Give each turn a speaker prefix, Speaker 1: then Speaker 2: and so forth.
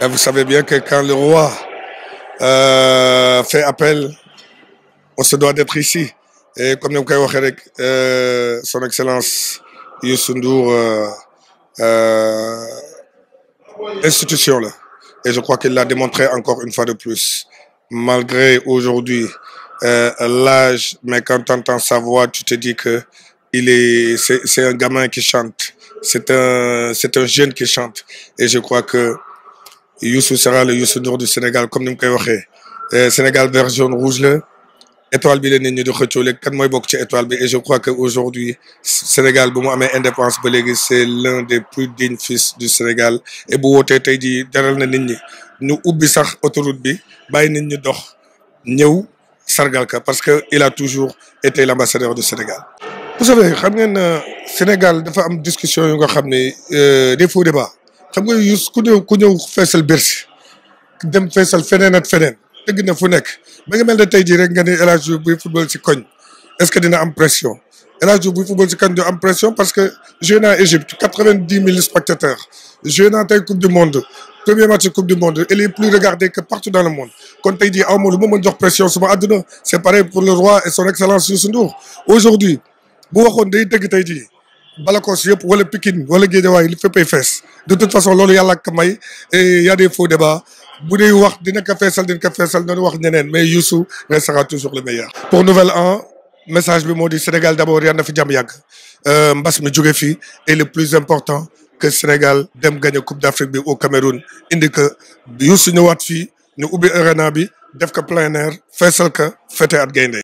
Speaker 1: Et eh, vous savez bien que quand le roi euh, fait appel, on se doit d'être ici. Et comme nous euh, avons son excellence Yusundur euh, euh, institution là. Et je crois qu'il l'a démontré encore une fois de plus. Malgré aujourd'hui l'âge, mais quand tu entends sa voix, tu te dis que il est, c'est un gamin qui chante, c'est un, c'est un jeune qui chante. Et je crois que Youssou sera le Youssou Nour du Sénégal comme nous mu dit, euh, Sénégal vert jaune rouge l'étoile étoile bi de nit ñi étoile bi et je crois qu'aujourd'hui, Sénégal pour moi, indépendance c'est l'un des plus dignes fils du Sénégal et pour wootee tey jii jaral na nit ñi ñu ubbi sax autoroute bi bàyyi nit nous dox ñëw sargal ka parce que il a toujours été l'ambassadeur du Sénégal. vous savez xam ngeen euh, Sénégal dafa am discussion yu nga a euh, des faux débats xam nga yus ku ñëw ku ñëw feesal dem feesal feneen ak feneen dëgg na fu nekk ba nga mel ne tey jii rek nga ne El Hadj buy football ci koñ est-ce que dina am pression El Hadj buy football ci koñ du am pression parce que joué naa Égypte quatre-vingt-dix mille spectateurs joué naa tey coupe du monde premier match coupe du monde elle est plus regardée que partout dans le monde kon tey jii aw ma lu ma mën jox pression suma àdduna c'est pareil pour le roi et son excellence Youssou Ndour aujourd'hui bu waxoon day dëgg tey jii Balakos yëpp wala Pikine wala Guédiawaye li féppay fees de toute façon il yàlla ak et il y a des faux débats Vous dee wax dina café sale, dina café sale, noonu wax ñeneen mais Youssou restera toujours le meilleur. pour nouvel an message bi Monde Sénégal d'abord il y fi jàmm yàgg euh, mbas mi jóge et le plus important que Sénégal dem gagner Coupe d'Afrique au Cameroun Indique que Youssou ñëwaat nous oublions ubbi arena bi def plein air feesal que fete at gaynde